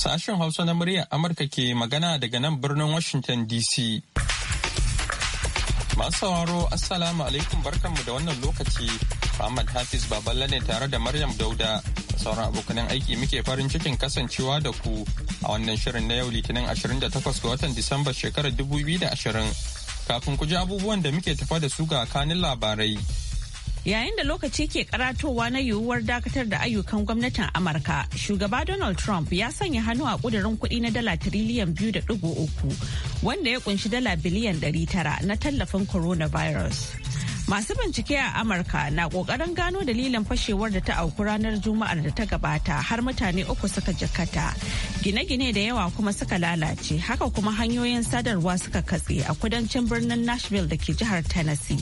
Sashen Hausa na muryar Amurka ke magana daga nan birnin Washington DC. Masu sauraro Assalamu alaikum barkanmu da wannan lokaci. Ahmad Hafiz Baballa ne tare da Maryam Dauda. Sauran abokanan aiki muke farin cikin kasancewa da ku a wannan shirin na yau Litinin 28 ga watan Disamba shekarar 2020. Kafin ku ji abubuwan da muke tafa da su ga kanin labarai. Yayin da lokaci ke karatowa na yiwuwar dakatar da ayyukan gwamnatin Amurka, shugaba Donald Trump ya sanya hannu a kudirin kudi na dala tiriliyan biyu da uku wanda ya kunshi dala biliyan ɗari tara na tallafin coronavirus. Masu bincike a Amurka na ƙoƙarin gano dalilin fashewar da ta auku ranar Juma'ar da ta gabata har mutane uku suka jakata. Gine-gine da yawa kuma suka lalace, haka kuma hanyoyin sadarwa suka katse a kudancin birnin Nashville da ke jihar Tennessee.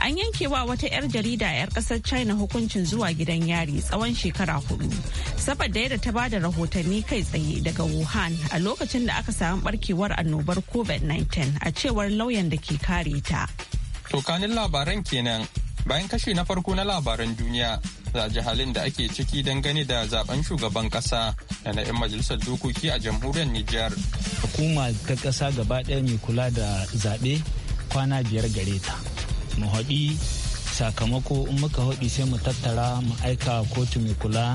An yanke wa wata 'yar jarida 'yar ƙasar China hukuncin zuwa gidan yari tsawon shekara hudu. Saboda yadda ta bada rahotanni kai tsaye daga Wuhan a lokacin da aka samu barkewar annobar COVID-19 a cewar lauyan da ke kare ta. Tokanin labaran kenan bayan kashe na farko na labaran duniya za ji halin da ake ciki dangane da zaben shugaban kasa da na 'yan majalisar dokoki a jamhuriyar Nijar. Hukuma ta kasa gaba ɗaya mai kula da zaɓe kwana biyar gare ta. Mahaɗi sakamako in muka hobi sai mu tattara mu aika kotu mai kula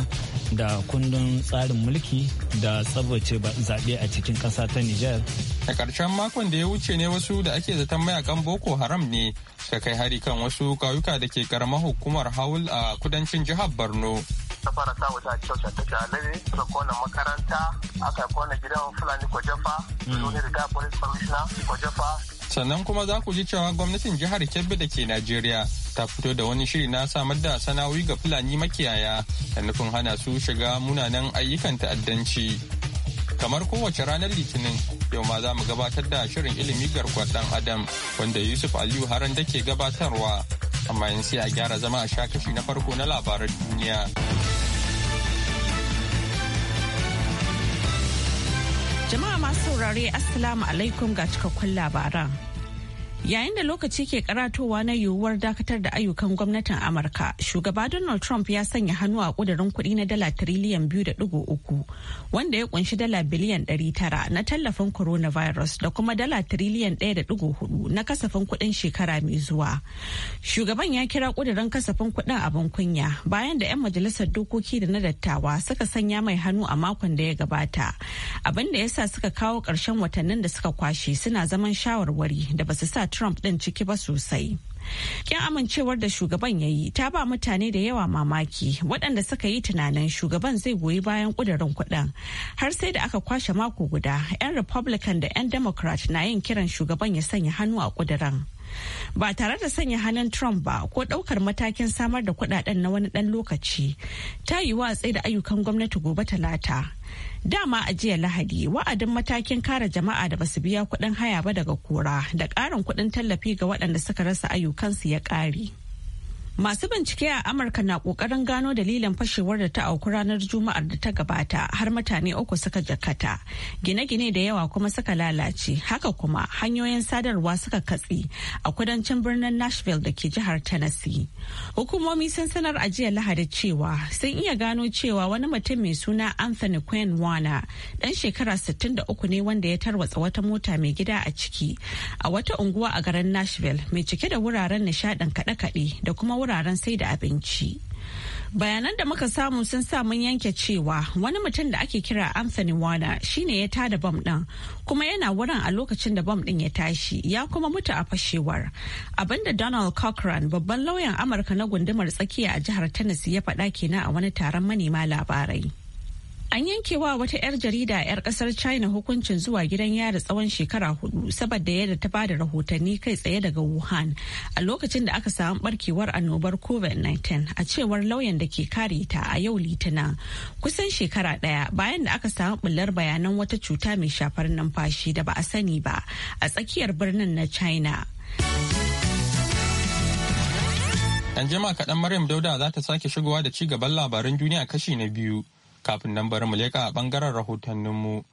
da kundin tsarin mulki da tsabace zaɓe a cikin ƙasa ta Nijar. A ƙarshen makon da ya wuce ne wasu da ake zaton mayakan Boko Haram ne suka kai hari kan wasu ƙauyuka da ke ƙaramar hukumar Haul a kudancin jihar Borno. ta fara sa wuta kyau ta ta alabe ta kona makaranta aka kona gidan fulani kwajafa, da hmm. police commissioner kwajafa sannan kuma za ku ji cewa gwamnatin jihar kebbi da ke najeriya ta fito da wani shiri na samar da sana'o'i ga fulani makiyaya da nufin hana su shiga munanan ayyukan ta'addanci kamar kowace ranar litinin yau ma za mu gabatar da shirin ilimi garkuwar dan adam wanda yusuf aliyu haran da ke gabatarwa amma yanzu sai a gyara zama a sha kashi na farko na labaran duniya jama'a masu saurare assalamu alaikum ga cikakkun labaran Yayin da lokaci ke karatowa na yiwuwar dakatar da ayyukan gwamnatin Amurka, shugaba Donald Trump ya sanya hannu a kudurin kuɗi na dala tiriliyan biyu da ɗigo uku, wanda ya kunshi dala biliyan ɗari tara na tallafin coronavirus da kuma dala tiriliyan ɗaya da digo hudu na kasafin kuɗin shekara mai zuwa. Shugaban ya kira kudurin kasafin kuɗin abin kunya bayan da 'yan majalisar dokoki da na dattawa suka sanya mai hannu a makon da ya gabata, abin da ya sa suka kawo ƙarshen watannin da suka kwashe suna zaman shawarwari da basu sa Trump ɗin ciki ba sosai. Kin amincewar da shugaban ya yi ta ba mutane da yawa mamaki waɗanda suka yi tunanin shugaban zai goyi bayan ƙudurin kuɗin har sai da aka kwashe mako guda 'yan Republican da 'yan Democrat na yin kiran shugaban ya sanya hannu a ƙudurin. ba tare da sanya hannun trump ba ko daukar matakin samar da kudaden na wani dan lokaci ta yi watsi da ayyukan gwamnati gobe talata dama a jiya lahadi wa'adin matakin kare jama'a da basu biya kudin haya ba daga kura da karin kudin tallafi ga waɗanda suka rasa ayyukansu ya ƙare. Masu bincike a Amurka na ƙoƙarin gano dalilin fashewar da ta auku ranar Juma'ar da ta gabata har mutane uku suka jakata. Gine-gine da yawa kuma suka lalace, haka kuma hanyoyin sadarwa suka katse a kudancin birnin Nashville da ke jihar Tennessee. Hukumomi sun sanar a jiya Lahadi cewa sun iya gano cewa wani mutum mai suna Anthony Quinn Wana ɗan shekara 63 ne wanda ya tarwatsa wata mota mai gida a ciki a wata unguwa a garin Nashville mai cike da wuraren nishaɗin kaɗe-kaɗe da kuma wuraren sai da abinci. Bayanan da muka samu sun sa mun yanke cewa wani mutum da ake kira Anthony Wana shine ya tada bom ɗin kuma yana wurin a lokacin da bom ɗin ya tashi ya kuma mutu a fashewar. Abinda Donald Cochran babban lauyan Amurka na gundumar tsakiya a jihar Tennessee ya faɗa kenan a wani taron manema labarai. An yanke wa wata 'yar jarida 'yar kasar China hukuncin zuwa gidan yari tsawon shekara hudu saboda yadda ta bada rahotanni kai tsaye daga Wuhan a lokacin da aka samu barkewar annobar COVID-19 a cewar lauyan da ke kare ta a yau litinin kusan shekara daya bayan da aka samu bullar bayanan wata cuta mai shafar numfashi da ba a sani ba a tsakiyar birnin na China. Yan jima kaɗan Maryam Dauda za ta sake shigowa da ci gaban labaran duniya kashi na biyu. kafin nan bari mu leka a bangaren rahotanninmu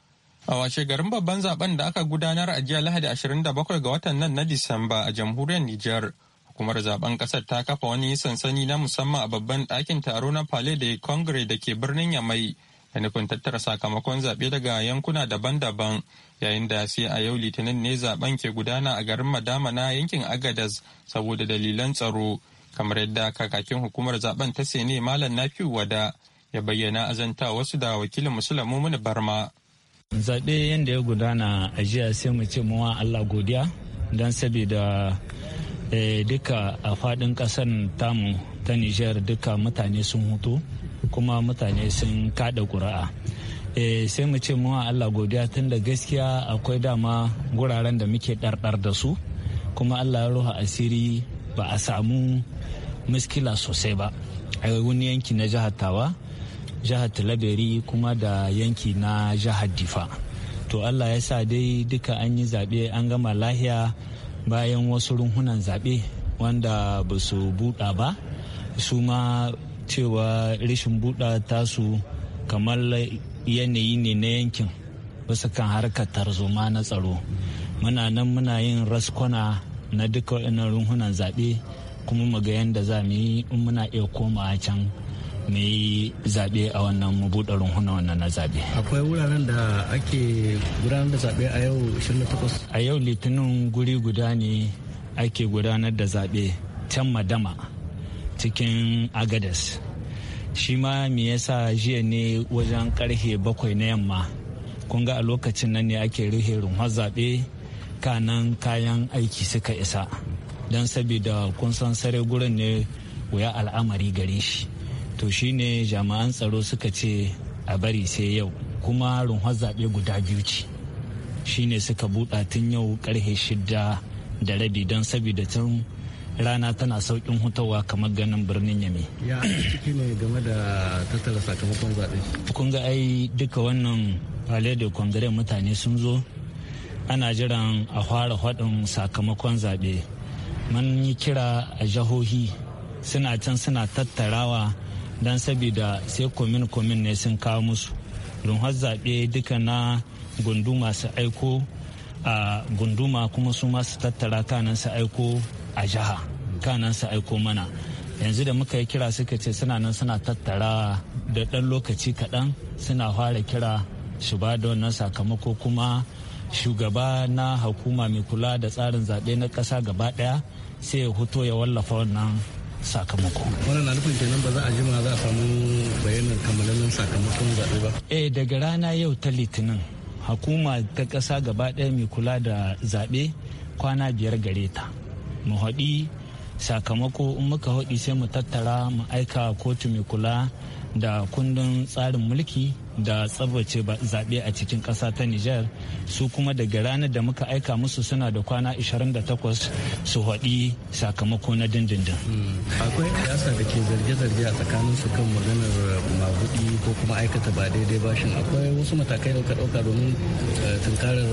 a washe garin babban zaben da aka gudanar a jiya lahadi 27 ga watan nan na disamba a jamhuriyar nijar hukumar zaben kasar ta kafa wani sansani na musamman a babban ɗakin taro na palais de congre da ke birnin yamai da nufin tattara sakamakon zaɓe daga yankuna daban-daban yayin da sai a yau litinin ne zaben ke gudana a garin madama na yankin agadas saboda dalilan tsaro kamar yadda kakakin hukumar zaben ta sene malam nafi wada ya bayyana azanta wasu da wakilin musulmi mini barma. Zaɓe yadda ya gudana a jiya sai mu ce muwa Allah godiya don saboda eh, duka a faɗin ƙasar tamu ta Nijar duka mutane sun hutu kuma mutane sun kaɗa ƙuri'a. Eh, sai mu ce muwa Allah godiya tun da gaskiya akwai dama guraren da muke ɗarɗar da su kuma Allah ya ruha asiri ba a samu miskila sosai ba a wani yanki na jihar tawa jihar talaberi kuma da yanki na jihar difa to allah ya sa dai duka an yi zaɓe an gama lahiya bayan wasu runhunan zaɓe wanda ba su buɗa ba su ma cewa rashin buɗa tasu kamar yanayi ne na yankin wasu kan harkar tarzoma na tsaro muna nan muna yin raskona na duka waɗannan runhunan zaɓe kuma mu ga za mu yi in muna iya komawa can mu yi zaɓe a wannan buɗe runhunan wannan na zaɓe. Akwai wuraren da ake gudanar da zaɓe a yau 28? A yau litinin guri guda ne ake gudanar da zaɓe can madama cikin agadas. Shi ma me yasa jiya ne wajen karhe bakwai na yamma. Kun ga a lokacin nan ne ake rufe runhon zaɓe kanan kayan aiki suka isa. Don sabida kun san sare gurin ne wuya al'amari gare shi. to shine jami'an tsaro suka ce a bari sai yau kuma runhar zaɓe guda biyu ce shine suka buɗa tun yau ƙarfe shida da rabi don saboda tun rana tana saukin hutawa kamar ganin birnin yami ya ciki ne game da tattara sakamakon zaɓe kun ga ai duka wannan rale da congrès mutane sun zo ana jiran a fara haɗin sakamakon zaɓe mun yi kira a jihohi suna can suna tattarawa don sabida sai komin komin ne sun kawo musu don har zaɓe duka na gunduma su aiko a gunduma kuma su masu tattara kanan su aiko a jiha kanan su aiko mana yanzu da muka yi kira suka ce suna nan suna tattara da ɗan lokaci kaɗan suna fara kira shi ba da wannan sakamako kuma shugaba na hukuma mai kula da tsarin zaɓe na ƙasa gaba ɗaya sai ya hoto ya wallafa wannan sakamako. Wannan na nufin kenan ba za a jima za a samu bayanin kammalallin sakamakon zaɓe ba. Eh daga rana yau ta litinin hukuma ta ƙasa gaba ɗaya mai kula da zaɓe kwana biyar gare ta. Mu haɗi sakamako in muka haɗi sai mu tattara mu aika kotu mai kula da kundin tsarin mulki da tsabbace zaɓe a cikin ƙasa ta Nijar su kuma daga ranar da muka aika musu suna da kwana 28 su haɗi sakamako na dindindin. Hmm. Akwai siyasa da ke zarge-zarge a tsakanin su kan maganar uh, mabuɗi ko kuma aikata ba daidai bashin akwai wasu matakai da ɗauka domin uh, tunkarar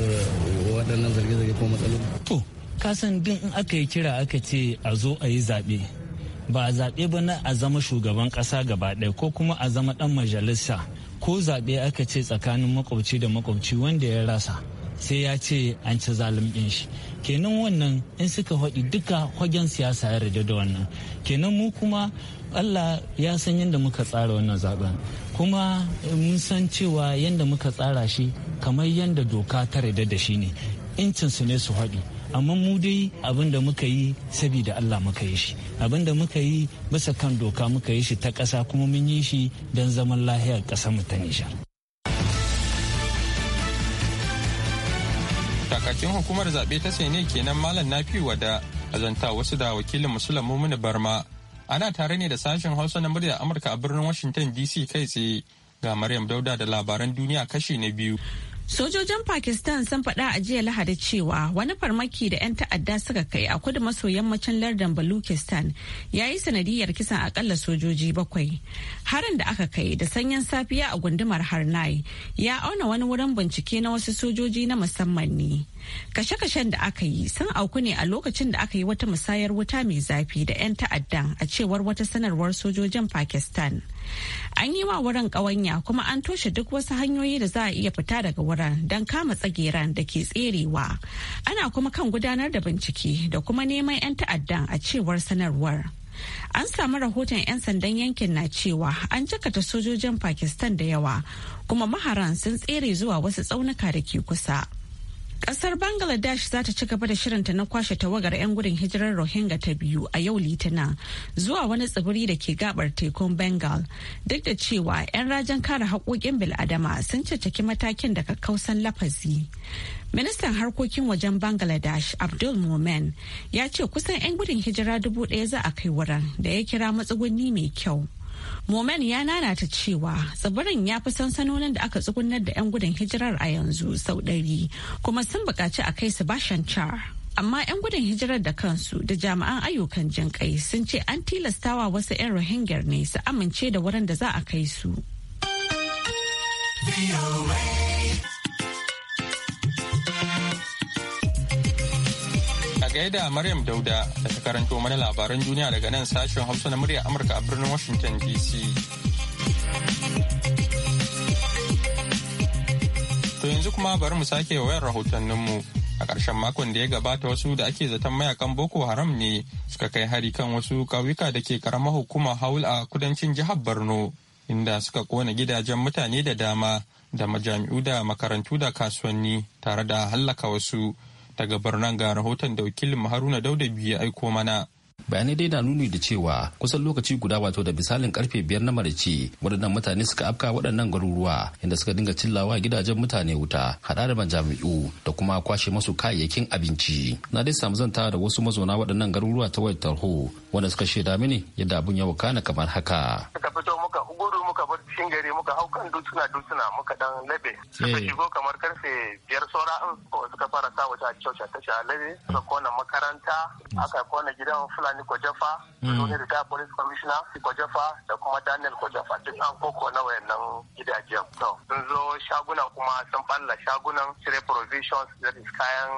waɗannan zarge-zarge ko matsaloli. To, kasan din in aka yi kira aka ce a zo a yi zaɓe. ba a zaɓe ba na a zama shugaban ƙasa gaba ɗaya ko kuma a zama ɗan majalisa ko zaɓe aka ce tsakanin makwabci da makwabci wanda ya rasa sai ya ce an ci zalim ɗin shi kenan wannan in suka faɗi duka hagen siyasa ya rage da wannan kenan mu kuma allah ya san yadda muka tsara wannan zaben kuma mun san cewa yadda muka tsara shi kamar yadda doka ta rage da shi ne incinsu ne su haɗi amma mu dai abin da muka yi sabida Allah muka yi shi abin da muka yi bisa kan doka muka yi shi ta ƙasa kuma mun yi shi don zaman lahiyar ƙasar mu ta nisha. Kakakin hukumar zaɓe ta sai kenan Malam Nafi Wada azanta wasu da wakilin Musulun Mumuni Barma ana tare ne da sashen Hausa na murya Amurka a birnin Washington DC kai tsaye ga Maryam Dauda da labaran duniya kashi na biyu. Sojojin Pakistan sun faɗa a jiya Lahadi cewa wani farmaki da 'yan ta'adda suka kai a kudu maso yammacin lardin Baluchistan ya yi sanadiyar kisan akalla sojoji bakwai. Harin da aka kai da sanyin safiya a gundumar Harnai ya auna wani wurin bincike na wasu sojoji na musamman ne. Kashe-kashen da aka yi sun auku ne a lokacin da aka yi wata musayar wuta mai zafi da 'yan ta'addan a cewar wata sanarwar sojojin Pakistan. An yi wa wurin ƙawanya kuma an toshe duk wasu hanyoyi da za a iya fita daga wurin don kama tsageran da ke tserewa. Ana kuma kan gudanar da bincike da kuma neman 'yan ta'addan a cewar sanarwar. An samu rahoton 'yan sandan yankin na cewa an jakata sojojin Pakistan da yawa kuma maharan sun tsere zuwa wasu tsaunuka da ke kusa. Kasar Bangladesh za ta ci gaba da shirinta na kwashe tawagar 'yan gudun hijirar Rohingya ta biyu a yau Litinin zuwa wani tsibiri da ke gabar tekun Bengal. Duk da cewa 'yan rajin kare haƙoƙin bil'adama sun caccaki matakin daga kausan lafazi. Ministan harkokin wajen Bangladesh Abdul Momen ya ce kusan 'yan gudun hijira dubu ɗaya za a kai wurin da ya kira matsugunni mai kyau. Momen ya nanata cewa tsibirin ya fi sansanonin da aka tsugunar da 'yan gudun hijirar a yanzu sau ɗari kuma sun buƙaci a kai su bashan char. Amma 'yan gudun hijirar da kansu da jami'an ayyukan jin kai sun ce an tilastawa wasu 'yan Rohingya ne su amince da wurin da za a kai su. gaida Maryam Dauda da ta karanto mana labaran duniya daga nan sashen Hausa na murya Amurka a birnin Washington DC. To yanzu kuma bari mu sake wayar rahotanninmu. A ƙarshen makon da ya gabata wasu da ake zaton mayakan Boko Haram ne suka kai hari kan wasu ƙauyuka da ke karamar hukumar Haul a kudancin jihar Borno, inda suka kona gidajen mutane da dama da majami'u da makarantu da kasuwanni tare da hallaka wasu. Daga Barnan ga rahoton da wakilin Haruna Dauda biyu ya aiko mana. bayanai dai na nuni da cewa kusan lokaci guda wato da misalin karfe biyar na marici waɗannan mutane suka afka waɗannan garuruwa inda suka dinga cillawa gidajen mutane wuta haɗa da majami'u da kuma kwashe masu kayayyakin abinci na dai samu zanta da wasu mazauna waɗannan garuruwa ta wayar tarho wanda suka shaida mini yadda abun ya wakana kamar haka suka fito muka gudu bar cikin gari muka hau kan muka eh. kamar karfe biyar saura suka fara sa wata a tasha labe suka kona makaranta mm. aka kona gidan fulani Fulani Kwajafa, Fulani hmm. Rita Police Commissioner Kwajafa da kuma Daniel Kwajafa duk an koko na wayannan gidajen. To, sun zo shaguna kuma sun balla shagunan cire provisions da kayan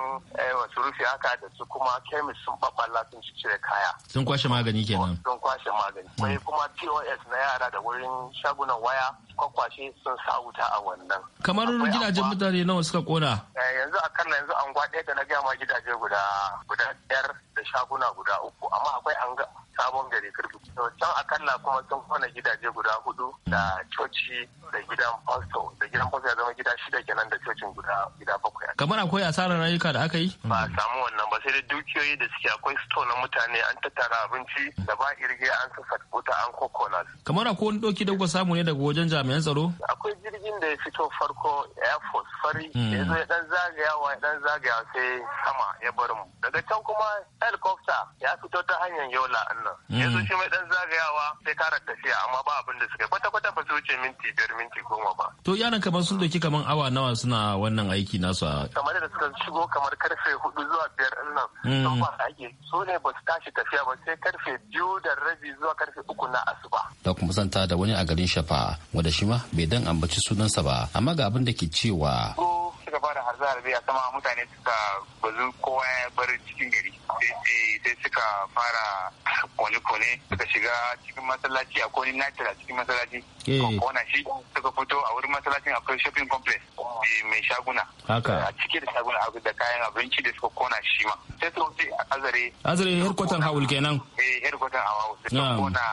wasu eh, rufe haka da su kuma chemist sun babbala sun cire kaya. Sun kwashe magani kenan. Sun kwashe magani. Sai hmm. kuma POS na yara da wurin shagunan waya kwakwashe sun sa wuta a wannan. Kamar gidajen mutane nawa suka kona? Eh, yanzu na yanzu an gwa ɗaya da na gama gidaje guda guda da shaguna guda uku amma akwai an sabon gari kirbi can akalla kuma sun kona gidaje guda hudu da coci da gidan fasto da gidan fasto ya zama gida shida kenan da cocin guda gida bakwai kamar akwai asarar rayuka da aka yi ba a samu wannan ba sai da dukiyoyi da suke akwai store na mutane an tattara abinci da ba irge an sassa wuta an kokona kamar akwai wani doki da kuka samu ne daga wajen jami'an tsaro akwai jirgin da ya fito farko air force fari hmm. ya ya dan zagayawa ya dan zagayawa sai sama ya bar mu daga can kuma helicopter ya fito ta hanyar yola nan mm. yanzu shi mai dan zagayawa sai kara tafiya amma ba abin da suka kwata kwata ba su wuce minti biyar minti goma ba to yaran kamar sun doki kamar awa nawa suna wannan aiki nasu a kamar da suka shigo kamar karfe hudu zuwa biyar din nan sun mm. fara aiki su ne ba su tashi tafiya ba sai karfe biyu da rabi zuwa karfe uku na asuba da kuma santa da wani a garin shafa wanda shi ma bai dan ambaci sunansa ba amma ga abin da ke cewa suka fara harbe harbe a sama mutane suka bazu kowa ya bar cikin gari sai eh, suka fara kone-kone suka shiga cikin masallaci a kone natal a cikin masallaci eh. kona shi suka fito a wurin masallacin akwai shopping complex eh, mai shaguna a cike da shaguna da kayan abinci da suka kona shi ma sai suka wuce azare azare herkwatan hawul kenan eh herkwatan hawul hmm. suka kona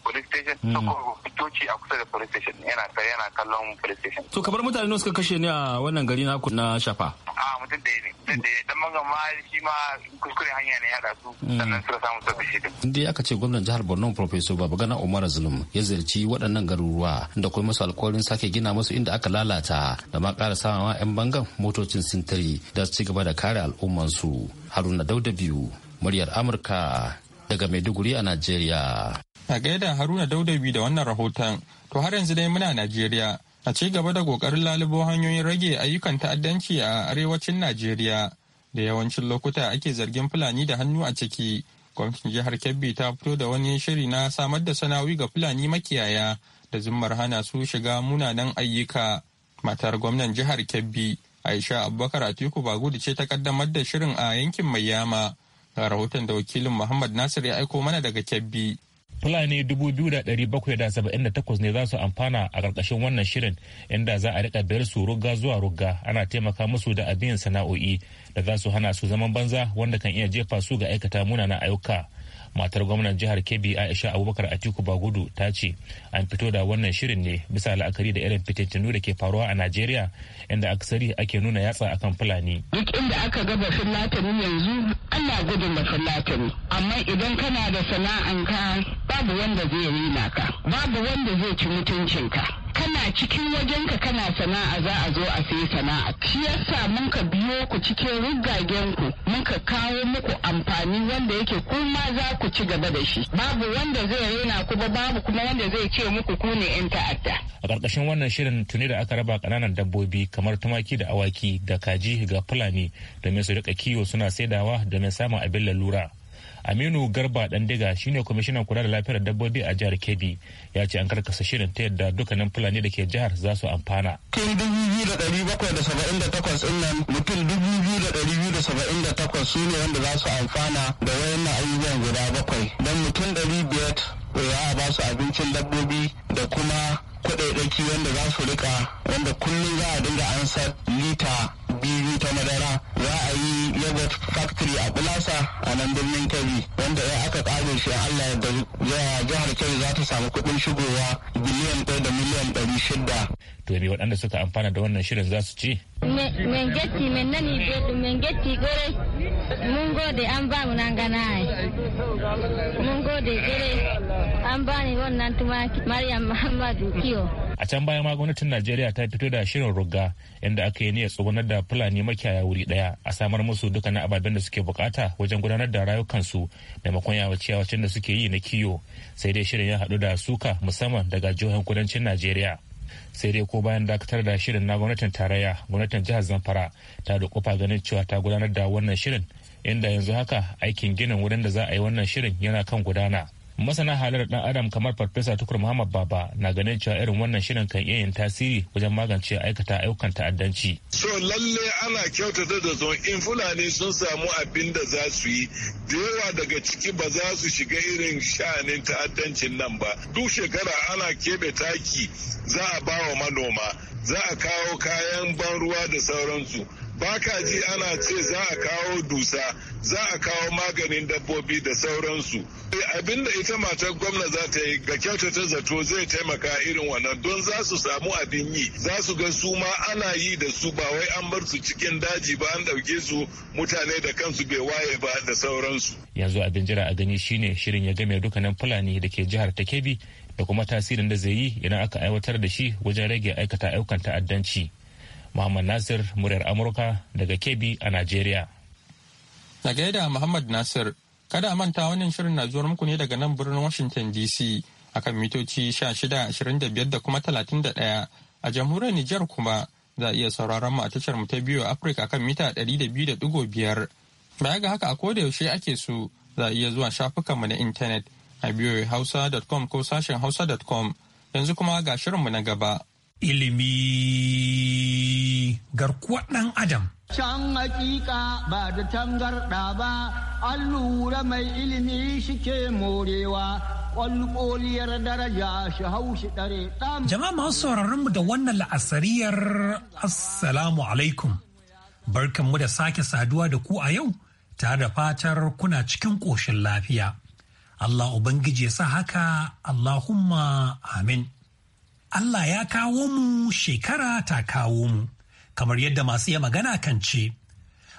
police station suka fitoci a kusa da police station yana tsaye yana kallon police station to kamar mutane ne suka kashe ne a wannan gari Na ku na shafa a mutum da ne mutum da ya dan magama shi ma kuskure hanya ne ya su mm. sannan suka samu sabbi shi din inda aka ce gwamnan jihar Borno Professor Babagana Umar Zulum ya ziyarci waɗannan garuruwa da kuma masu alƙawarin sake gina musu inda aka lalata da ma ƙara samawa 'yan bangan motocin sintiri da su ci gaba da kare al'ummansu Haruna Dauda biyu muryar Amurka daga Maiduguri a Najeriya. A gaida Haruna Dauda Daudabi da wannan rahoton, to har yanzu dai muna Najeriya a ci gaba da kokarin lalubo hanyoyin rage ayyukan ta'addanci a arewacin najeriya da yawancin lokuta ake zargin fulani da hannu a ciki gwamnatin jihar kebbi ta fito da wani shiri na samar da sana'o'i ga fulani makiyaya da zimmar hana su shiga munanan ayyuka matar gwamnan jihar kebbi aisha abubakar atiku bagudu ce ta kaddamar da shirin a yankin mai yama ga rahoton da wakilin muhammad nasir ya aiko mana daga kebbi Fulani 2,778 ne za su amfana a ƙarƙashin wannan shirin inda za a rika biyar su rugga zuwa rugga ana taimaka musu da abin sana'o'i da za su hana su zaman banza wanda kan iya jefa su ga aikata munana ayyuka. matar gwamnan jihar kebbi aisha abubakar atiku bagudu ta ce an fito da wannan shirin ne bisa la'akari da irin fitintunu da ke faruwa a najeriya inda aksari ake nuna yatsa akan fulani duk inda aka gaba fulatani yanzu allah gudun da fulatani amma idan kana da sana'anka babu wanda zai rina ka babu wanda zai ci mutuncinka kana cikin wajenka kana sana'a za a zo a sai sana'a shi yasa mun ka biyo ku cikin rigagen ku mun ka kawo muku amfani wanda yake kuma za ku ci gaba da shi babu wanda zai raina ku ba babu kuma wanda zai ce muku ku ne yan ta'adda a ƙarƙashin wannan shirin tuni da aka raba ƙananan dabbobi kamar tumaki da awaki da kaji ga fulani domin su rika kiwo suna saidawa domin samun abin lalura aminu garba dan diga shine kwamishinan kula da lafiyar dabbobi a jihar kebbi ya ce an karkasa shirin ta yadda dukkanin fulani da ke jihar za su amfana tun dubu da ɗari bakwai da saba'in da takwas in nan mutum dubu biyu da ɗari biyu da saba'in da takwas su ne wanda za su amfana da wayannan ayyukan guda bakwai don mutum ɗari biyar za a ba su abincin dabbobi da kuma kuɗaɗaki wanda za su rika wanda kullum za a dinga ansa lita factory a bulasa a nan birnin kebbi wanda ya aka kare shi allah ya jihar kebbi za ta samu kuɗin shigowa biliyan ɗaya da miliyan ɗari shida to me waɗanda suka amfana da wannan shirin za su ci getti men nani men getti gore mun gode an ba mu nan gana mun gode gore an bani wannan tumaki Maryam Muhammadu Kiyo. A can baya ma gwamnatin Najeriya ta fito da shirin rugga inda aka yi niyyar tsugunar da Fulani makiyaya wuri daya a samar musu dukkanin ababen da suke bukata wajen gudanar da rayukansu maimakon yawace-yawacen da suke yi na kiyo sai dai shirin ya haɗu da suka musamman daga jihohin kudancin Najeriya. sai dai ko bayan dakatar da shirin na gwamnatin tarayya gwamnatin jihar zamfara ta dukufa ganin cewa ta gudanar da wannan shirin inda yanzu haka aikin ginin wurin da za a yi wannan shirin yana kan gudana masana halar dan adam kamar farfesa tukur muhammad baba na ganin cewa irin wannan shirin kan iya yin tasiri wajen magance aikata ayyukan ta'addanci so lalle ana kyautata da zon in fulani sun samu abin da za su yi da yawa daga ciki ba za su shiga irin sha'anin ta'addancin nan ba duk shekara ana keɓe taki za a ba manoma za a kawo kayan ban ruwa da sauransu baka ji ana ce za a kawo dusa za a kawo maganin dabbobi da sauransu eh, abinda ita matar gwamna za ta yi ga kyautata zato zai taimaka irin wannan don za su samu abin yi za su ga su ma ana yi da su ba wai an bar su cikin daji ba an ɗauke su mutane da kansu bai waye ba da sauransu yanzu abin jira a gani shine shirin ya game dukkanin fulani da ke jihar ta kebi da kuma tasirin da zai yi idan aka aiwatar da shi wajen rage aikata ayyukan ta'addanci Muhammad Nasir muryar Amurka daga Kebbi a Najeriya. Na gaida Muhammad Nasir, kada a manta wannan shirin na zuwa muku ne daga nan birnin Washington DC akan mitoci 1625 da kuma 31 a jamhuriyar Nijar kuma za a iya sauraron mu a tashar mu ta biyu Afirka kan mita 200.5. Baya ga haka a koda yaushe ake so za a iya zuwa shafukan mu na intanet a hausa.com ko sashen hausa.com yanzu kuma ga shirin mu na gaba. ilimi garkuwar ɗan adam. Can hakika ba da tangarɗa ba, an lura mai ilimi shike morewa. ƙwalƙoliyar daraja shi haushi ɗare ɗan. Jama'a masu sauraron mu da wannan la'asariyar Assalamu alaikum. Barkan mu da sake saduwa da ku a yau tare da fatar kuna cikin ƙoshin lafiya. Allah Ubangiji ya sa haka Allahumma amin. Allah ya kawo mu shekara ta kawo mu, kamar yadda masu iya magana kan ce.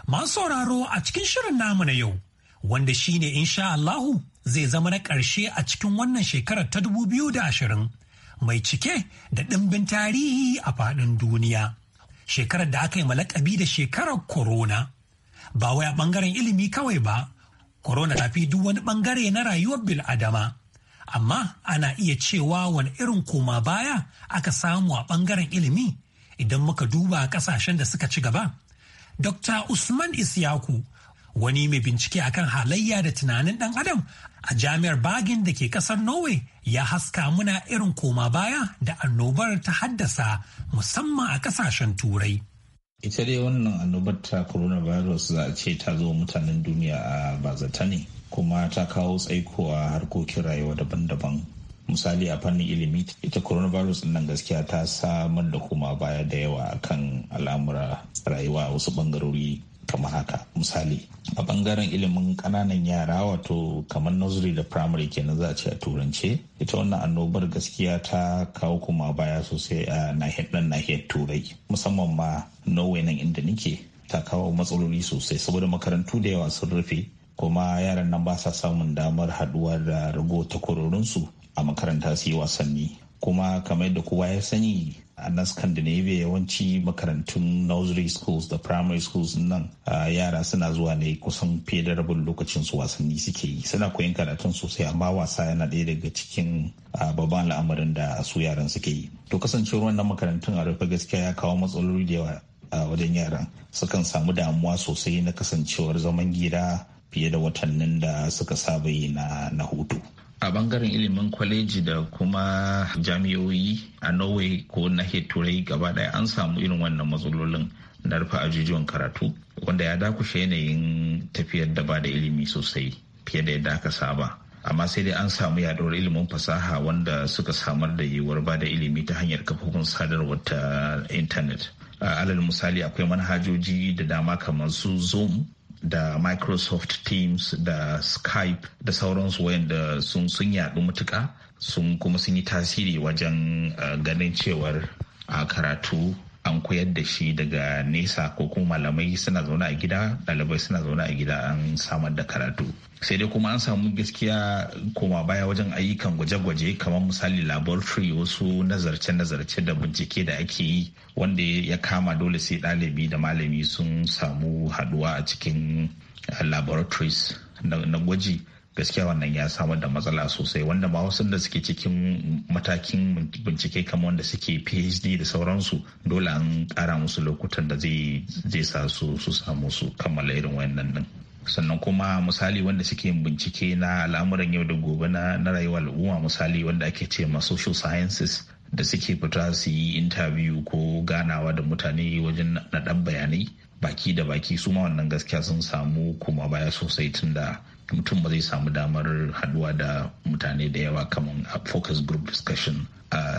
Masu sauraro a cikin shirin namu na yau, wanda shi ne insha Allahu zai zama na ƙarshe a cikin wannan shekarar ta dubu biyu da ashirin, mai cike da ɗimbin tarihi a faɗin duniya. Shekarar da aka yi malakabi da shekarar korona. Ba wai a ɓangaren ilimi kawai ba, corona ta fi duk wani ɓangare na rayuwar bil'adama. amma ana iya cewa wani irin koma baya aka samu a ɓangaren ilimi idan muka duba ƙasashen da suka ci gaba. Dr. Usman Isyaku wani mai bincike akan halayya da tunanin ɗan adam a jami'ar Bagin da ke ƙasar Norway ya haska muna irin koma baya da annobar ta haddasa musamman a ƙasashen Turai. Ita dai wannan annobar ta coronavirus za a ce ta zo mutanen duniya a bazata ne. kuma ta kawo tsaiko a harkokin rayuwa daban-daban misali a fannin ilimi ita coronavirus nan gaskiya ta samar da kuma baya da yawa kan al'amura rayuwa a wasu bangarori kamar haka misali a bangaren ilimin kananan yara wato kamar nursery da primary kenan za a ce a turance ita wannan annobar gaskiya ta kawo kuma baya sosai a nahiyar nahiyar turai musamman ma norway nan inda nike ta kawo matsaloli sosai saboda makarantu da yawa sun rufe kuma yaran nan ba sa samun damar haduwa da rago ta kororinsu a makaranta su yi wasanni kuma kamar da kowa ya sani a nan scandinavia yawanci makarantun nursery schools da primary schools nan yara suna zuwa ne kusan fiye da rabin lokacin su wasanni suke yi suna koyin karatun sosai amma wasa yana ɗaya daga cikin babban al'amarin da su yaran suke yi to kasancewar wannan makarantun a rufe gaskiya ya kawo matsaloli da yawa a wajen yaran sukan samu damuwa sosai na kasancewar zaman gida fiye da watannin da suka saba yi na hutu. a bangaren ilimin kwaleji da kuma jami'oyi a norway ko nahiyar turai gaba daya an samu irin wannan matsalolin na rufe ajujuwan karatu wanda ya dakushe yanayin tafiyar da ba da ilimi sosai fiye da yadda aka saba amma sai dai an samu yaduwar ilimin fasaha wanda suka samar da yiwuwar ba da ilimi ta hanyar kafofin sadarwar ta intanet alal misali akwai manhajoji da dama kamar su zoom da microsoft teams da skype da sauransu wayanda sun sun yaɗu mutuka sun kuma sun yi tasiri wajen eh, ganin cewar a ah, karatu an koyar da shi daga nesa ko kuma malamai suna zaune a gida ɗalibai suna zaune a gida an samar da karatu sai dai kuma an samu gaskiya koma baya wajen ayyukan gwaje-gwaje kamar misali laboratory wasu nazarce-nazarce da bincike da ake yi wanda ya kama dole sai ɗalibi da malami sun samu haduwa a cikin laboratories na gwaji gaskiya wannan ya samar da matsala sosai wanda ma wasu da suke cikin matakin bincike kamar wanda suke phd da sauransu dole an kara musu lokutan da zai sa su su samu su kammala irin wayannan din sannan kuma misali wanda suke yin bincike na al'amuran yau da gobe na rayuwar al'umma misali wanda ake ce ma social sciences da suke fita su yi interview ko ganawa da mutane wajen naɗan bayanai baki da baki su ma wannan gaskiya sun samu kuma baya sosai tun da. mutum ba zai samu damar haduwa da mutane da yawa kamar a focus group discussion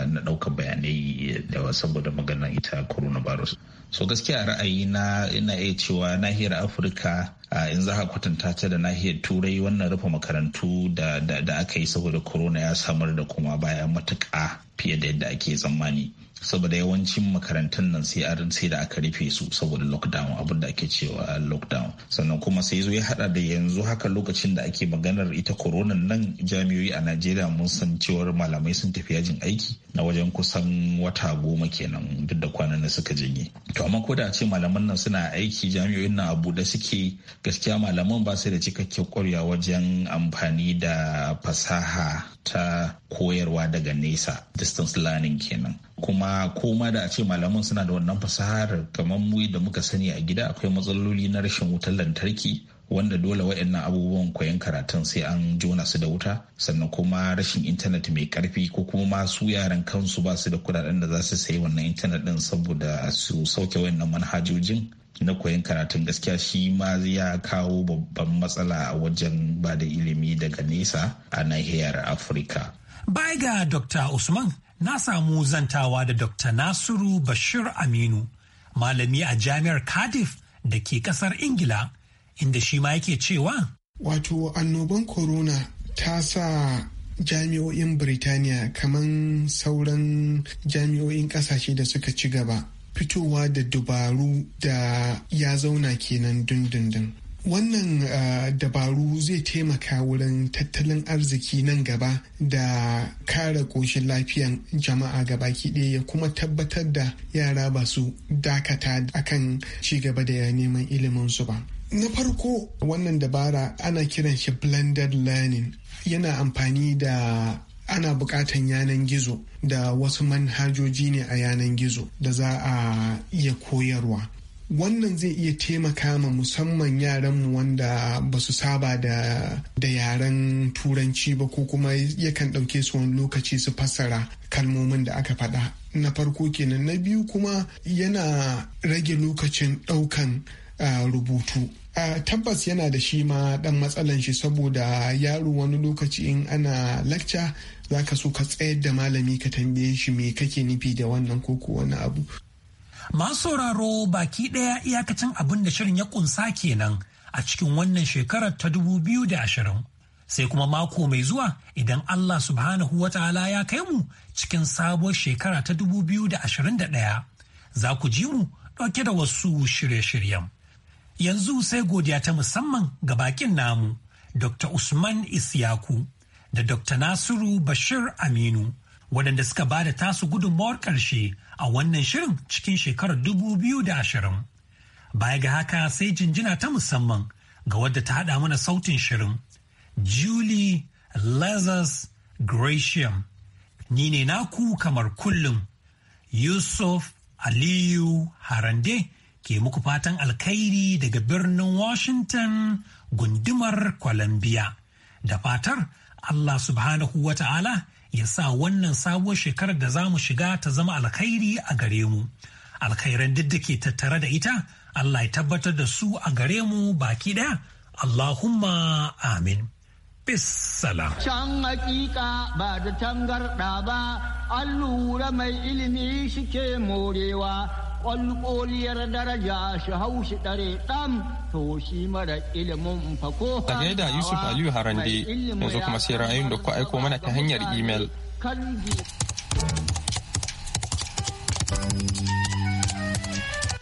na ɗaukar bayanai da saboda maganar ita coronavirus so gaskiya ra'ayi na ina iya cewa nahiyar afirka in za a kwatanta ta da nahiyar turai wannan rufe makarantu da aka yi saboda corona ya samar da kuma baya matuka fiye da yadda ake tsammani saboda yawancin makarantun nan sai an sai da aka rufe su saboda lockdown abin da ake cewa lockdown sannan kuma sai zo ya hada da yanzu haka lokacin da ake maganar ita Corona nan jami'oi a najeriya mun san cewar malamai sun tafi yajin aiki na wajen kusan wata goma kenan duk da kwanan da suka janye to amma ko da ce malaman nan suna aiki jami'o'in nan a buɗe suke gaskiya malaman ba su da cikakken kwarya wajen amfani da fasaha ta koyarwa daga nesa distance learning kenan kuma koma da a ce malaman suna da wannan fasahar kamar mu da muka sani a gida akwai matsaloli na rashin wutar lantarki wanda dole waɗannan abubuwan koyon karatun sai an jona su da wuta sannan kuma rashin intanet mai karfi ko kuma masu yaran kansu ba su da kudaden da za su sayi wannan intanet din saboda su sauke waɗannan manhajojin na koyon karatun gaskiya shi ma ya kawo babban matsala a wajen ba da ilimi daga nesa a nahiyar afirka Bai ga dr usman na samu zantawa da dr nasiru bashir aminu malami a jami'ar cardiff da ke kasar ingila inda shi ma yake cewa wato annoban corona ta sa jami'o'in Birtaniya kamar sauran jami'o'in kasashe da suka ci gaba fitowa da dabaru da ya zauna kenan dundundun wannan uh, dabaru zai taimaka wurin tattalin arziki nan gaba da kare ƙoshin lafiyan jama'a gaba ɗaya ya kuma tabbatar da yara ba su dakata akan cigaba da neman ilimin su ba na farko wannan dabara ana kiran shi blended learning yana amfani da ana bukatan yanan gizo da wasu manhajoji ne a yanan gizo da za a iya koyarwa wannan zai iya taimaka ma musamman yaranmu wanda ba su saba da, da yaren turanci ba ko kuma yakan ɗauke su wani lokaci su fassara kalmomin da aka faɗa na farko kenan na biyu kuma yana rage lokacin ɗaukan uh, rubutu a tabbas yana da shi ma dan matsalan shi saboda yaro wani lokaci in ana lakca za ka so ka tsayar da malami ka tambaye shi me kake nufi da wannan koko wani abu. Masu sauraro baki daya iyakacin abin da shirin ya kunsa kenan a cikin wannan shekarar ta dubu biyu da ashirin. Sai kuma mako mai zuwa idan Allah subhanahu wa ya kai mu cikin sabuwar shekara ta dubu biyu da ashirin da ɗaya. Za ku ji mu ɗauke da wasu shirye-shiryen. Yanzu sai godiya ta musamman ga bakin namu, Dr. Usman Isyaku da Dr. Nasiru Bashir Aminu, waɗanda suka ba da tasu gudunmawar ƙarshe a wannan shirin cikin shekarar dubu biyu da ashirin. Baya ga haka sai jinjina ta musamman ga wadda ta haɗa mana sautin shirin, Julie Lazarus Gratiam. Ni ne naku kamar kullum, Yusuf Aliyu Harande. ke muku fatan alkhairi daga birnin Washington gundumar Columbia. Da fatar Allah subhanahu wa ta'ala ya sa wannan sabuwar shekarar da za mu shiga ta zama alkhairi a gare mu. Alkhairan duk da ke tattare da ita, Allah ya tabbatar da su a gare mu baki ɗaya. Allahumma amin. Bissalam. Can hakika ba da tangarɗa ba, an lura mai ilimi shike morewa. ƙwalƙoliyar daraja shi hau shi ɗare ɗan to shi mara ilimin fako. A gaida Yusuf Aliyu Harande yanzu kuma sai ra'ayin da ku aiko mana ta hanyar imel.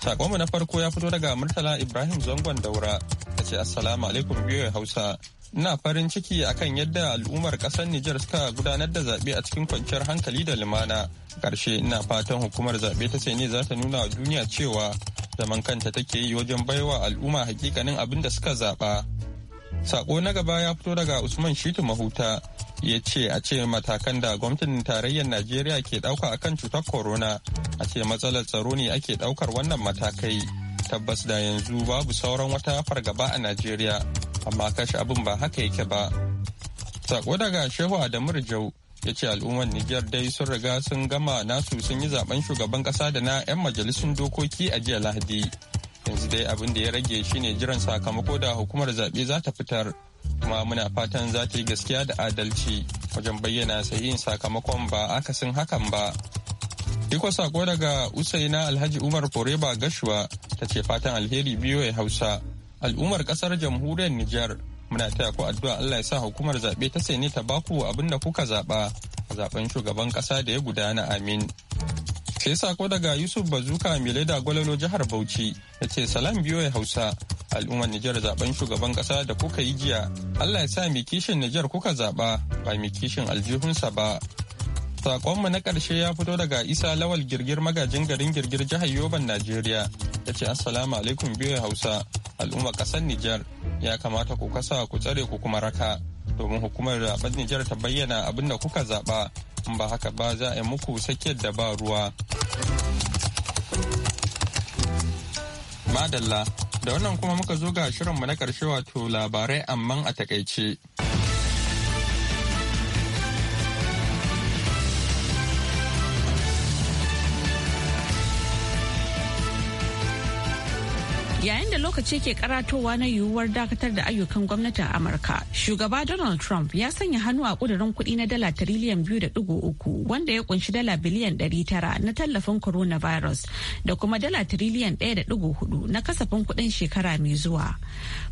Sakonmu na farko ya fito daga Murtala Ibrahim Zangon Daura aka ce assalamu alaikum biyu hausa ina farin ciki akan yadda al'ummar kasar Nijar suka gudanar da zaɓe a cikin kwanciyar hankali da lumana. Ƙarshe ina fatan hukumar zaɓe ta sai ne za ta nuna wa duniya cewa zaman kanta take yi wajen baiwa al'umma hakikanin abin da suka zaɓa. Sako na gaba ya fito daga Usman Shitu Mahuta ya ce a ce matakan da gwamnatin tarayyar Najeriya ke ɗauka akan cutar corona a ce matsalar tsaro ne ake ɗaukar wannan matakai. tabbas da yanzu babu sauran wata fargaba a najeriya amma kashi abin ba haka yake ba sako daga shehu adamu rijau ya ce al'ummar nijar dai sun riga sun gama nasu sun yi zaben shugaban kasa da na 'yan majalisun dokoki a jiya lahadi yanzu dai abin da ya rage shi ne jiran sakamako da hukumar zaɓe za ta fitar kuma muna fatan za ta yi gaskiya da adalci wajen bayyana sahihin sakamakon ba akasin hakan ba Iko sako daga Usaina Alhaji Umar Foreba gashuwa ta ce fatan alheri biyu ya Hausa. Al'ummar kasar jamhuriyar Nijar muna taya ku addu'a Allah ya sa hukumar zaɓe ta sai ta baku abin da kuka zaɓa a zaben shugaban ƙasa da ya gudana amin. Sai sako daga Yusuf Bazuka Mileda Gwalolo jihar Bauchi ya ce salam biyu ya Hausa. Al'ummar Nijar zaɓen shugaban ƙasa da kuka yi jiya Allah ya sa mai kishin Nijar kuka zaɓa ba mai kishin aljihunsa ba. Sakonmu na ƙarshe ya fito daga Isa Lawal Girgir magajin garin Girgir jihar Yoban Najeriya ya ce Assalamu alaikum biyu Hausa al'umma ƙasar Nijar ya kamata ku kasa ku tsare ku kuma raka domin hukumar zaben Nijar ta bayyana abin da kuka zaɓa in ba haka ba za a yi muku sakiyar da ba ruwa. Madalla da wannan kuma muka zo ga shirinmu na ƙarshe wato labarai amman a takaice. Yeah. lokaci ke karatowa na yiwuwar dakatar da ayyukan gwamnatin Amurka, shugaba Donald Trump ya sanya hannu a kudurin kudi na dala tiriliyan biyu da digo uku wanda ya kunshi dala biliyan dari tara na tallafin coronavirus da kuma dala tiriliyan ɗaya da digo hudu na kasafin kudin shekara mai zuwa.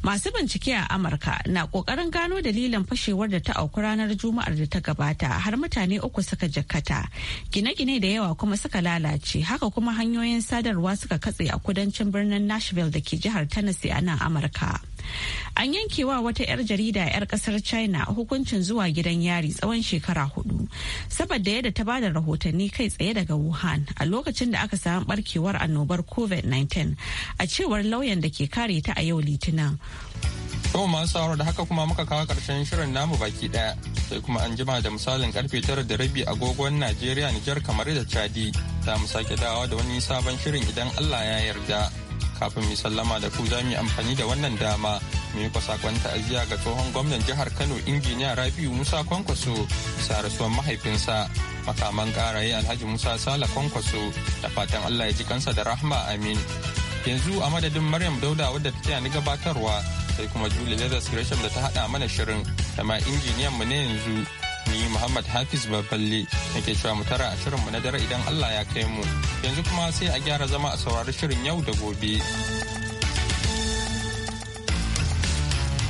Masu bincike a Amurka na kokarin gano dalilin fashewar da ta auku ranar Juma'ar da ta gabata har mutane uku suka jakkata. Gine-gine da yawa kuma suka lalace haka kuma hanyoyin sadarwa suka katse a kudancin birnin Nashville da ke jihar jihar Tennessee a nan Amurka. An yankewa wata 'yar jarida 'yar kasar China hukuncin zuwa gidan yari tsawon shekara hudu, saboda yadda ta bada rahotanni kai tsaye daga Wuhan a lokacin da aka samu barkewar annobar COVID-19 a cewar lauyan da ke kare ta a yau Litinin. kuma masu sauraro da haka kuma muka kawo karshen shirin namu baki daya sai kuma an jima da misalin karfe tara da rabi agogon Najeriya Nijar kamar da Chadi za mu sake dawa da wani sabon shirin idan Allah ya yarda. kafin mu sallama da ku za mu yi amfani da wannan dama mu yi sakon ta'aziyya ga tsohon gwamnan jihar Kano injiniya Rabiu Musa Kwankwaso bisa rasuwar mahaifinsa makaman karaye Alhaji Musa Sala Kwankwaso da fatan Allah ya ji kansa da rahma amin yanzu a madadin Maryam Dauda wadda ta taya ni gabatarwa sai kuma Julie Leathers Gresham da ta hada mana shirin da ma injiniyan mu ne yanzu Ni Muhammad Hafiz Baballe nake cewa mu tara a mu na dare idan Allah ya kai mu. Yanzu kuma sai a gyara zama a saurari shirin yau da gobe.